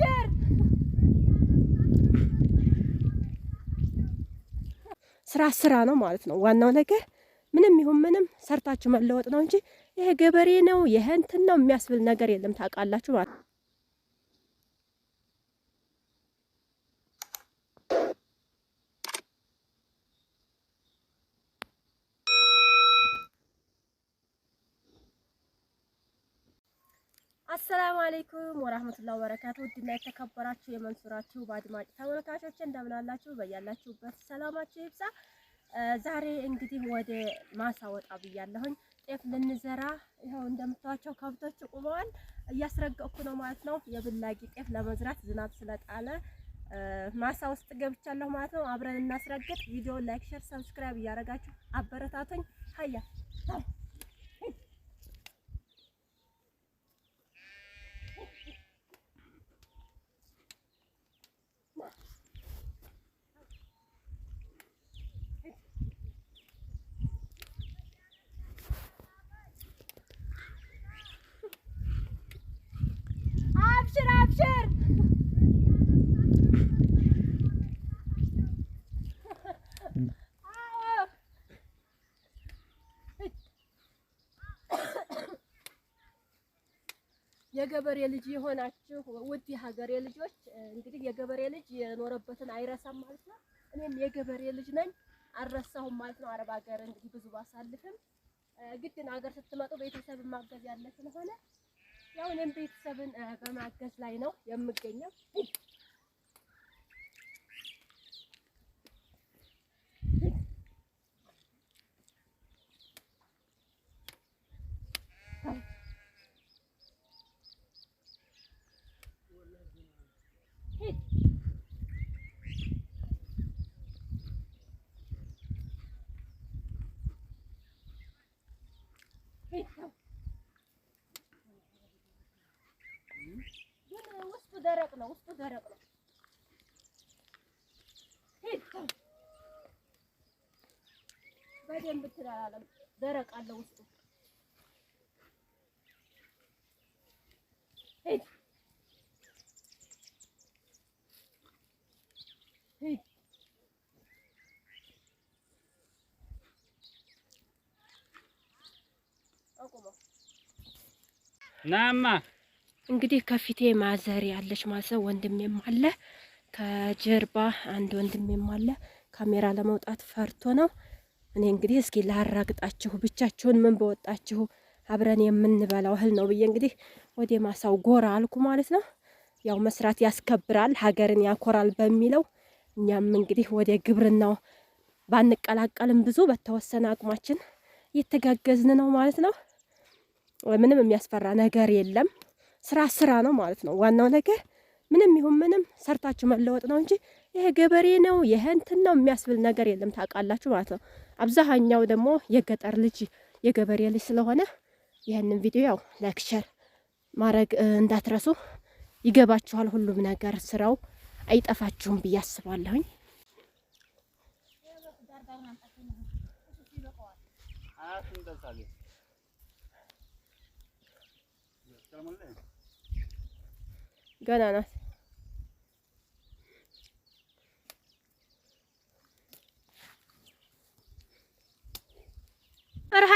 ሸር ስራ ስራ ነው ማለት ነው። ዋናው ነገር ምንም ይሁን ምንም ሰርታችሁ መለወጥ ነው እንጂ ይሄ ገበሬ ነው ይሄ እንትን ነው የሚያስብል ነገር የለም። ታውቃላችሁ ማለት ነው። አሰላሙ አለይኩም ወራህመቱላሂ ወበረካቱ። ውድና የተከበራችሁ የመንሱራችሁ በአድማጭ ተመልካቾች እንደምናላችሁ፣ በያላችሁበት ሰላማችሁ ይብዛ። ዛሬ እንግዲህ ወደ ማሳ ወጣ ብያለሁኝ። ጤፍ ልንዘራ ይኸው እንደምታዋቸው ከብቶች ቁመዋል። እያስረገጥኩ ነው ማለት ነው። የብላጊ ጤፍ ለመዝራት ዝናብ ስለጣለ ማሳ ውስጥ ገብቻለሁ ማለት ነው። አብረን እናስረግጥ። ቪዲዮ ላይክ፣ ሼር፣ ሰብስክራይብ እያደረጋችሁ አበረታቱኝ። ሀያ የገበሬ ልጅ የሆናችሁ ውድ የሀገሬ ልጆች እንግዲህ የገበሬ ልጅ የኖረበትን አይረሳም ማለት ነው። እኔም የገበሬ ልጅ ነኝ አልረሳሁም ማለት ነው። አረብ ሀገር እንግዲህ ብዙ ባሳልፍም ግድን ሀገር ስትመጡ ቤተሰብን ማገዝ ያለ ስለሆነ ያው እኔም ቤተሰብን በማገዝ ላይ ነው የምገኘው። ውስጡ ደረቅ ነው። ውስጡ ደረቅ ነው። በደንብ ትላላለም። ደረቅ አለ ውስጡ ናማ እንግዲህ ከፊቴ ማዘር ያለች ማዘር ወንድሜም አለ ከጀርባ አንድ ወንድሜም አለ። ካሜራ ለመውጣት ፈርቶ ነው። እኔ እንግዲህ እስኪ ላራግጣችሁ፣ ብቻችሁን ምን በወጣችሁ አብረን የምንበላው እህል ነው ብዬ እንግዲህ ወደ ማሳው ጎራ አልኩ ማለት ነው። ያው መስራት ያስከብራል፣ ሀገርን ያኮራል በሚለው እኛም እንግዲህ ወደ ግብርናው ባንቀላቀልም ብዙ በተወሰነ አቅማችን እየተጋገዝን ነው ማለት ነው። ምንም የሚያስፈራ ነገር የለም። ስራ ስራ ነው ማለት ነው። ዋናው ነገር ምንም ይሁን ምንም ሰርታችሁ መለወጥ ነው እንጂ ይሄ ገበሬ ነው ይሄ እንትን ነው የሚያስብል ነገር የለም። ታውቃላችሁ ማለት ነው። አብዛኛው ደግሞ የገጠር ልጅ የገበሬ ልጅ ስለሆነ ይህንን ቪዲዮ ያው ሌክቸር ማድረግ እንዳትረሱ። ይገባችኋል ሁሉም ነገር ስራው አይጠፋችሁም ብዬ አስባለሁኝ። ገና ናት።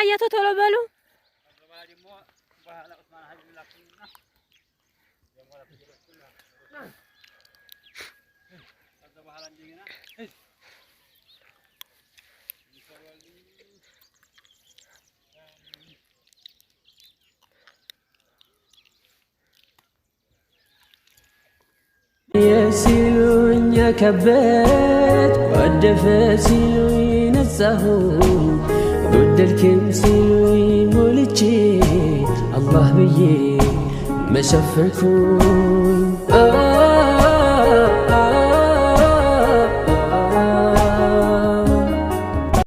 ኧረ ቶሎ በሉ። ሲሉኝ ከበት ወደፈ ሲሉኝ ነጻሁ ጎደልክም ሲሉኝ ሞልቼ አላህ ብዬ መሸፈንኩኝ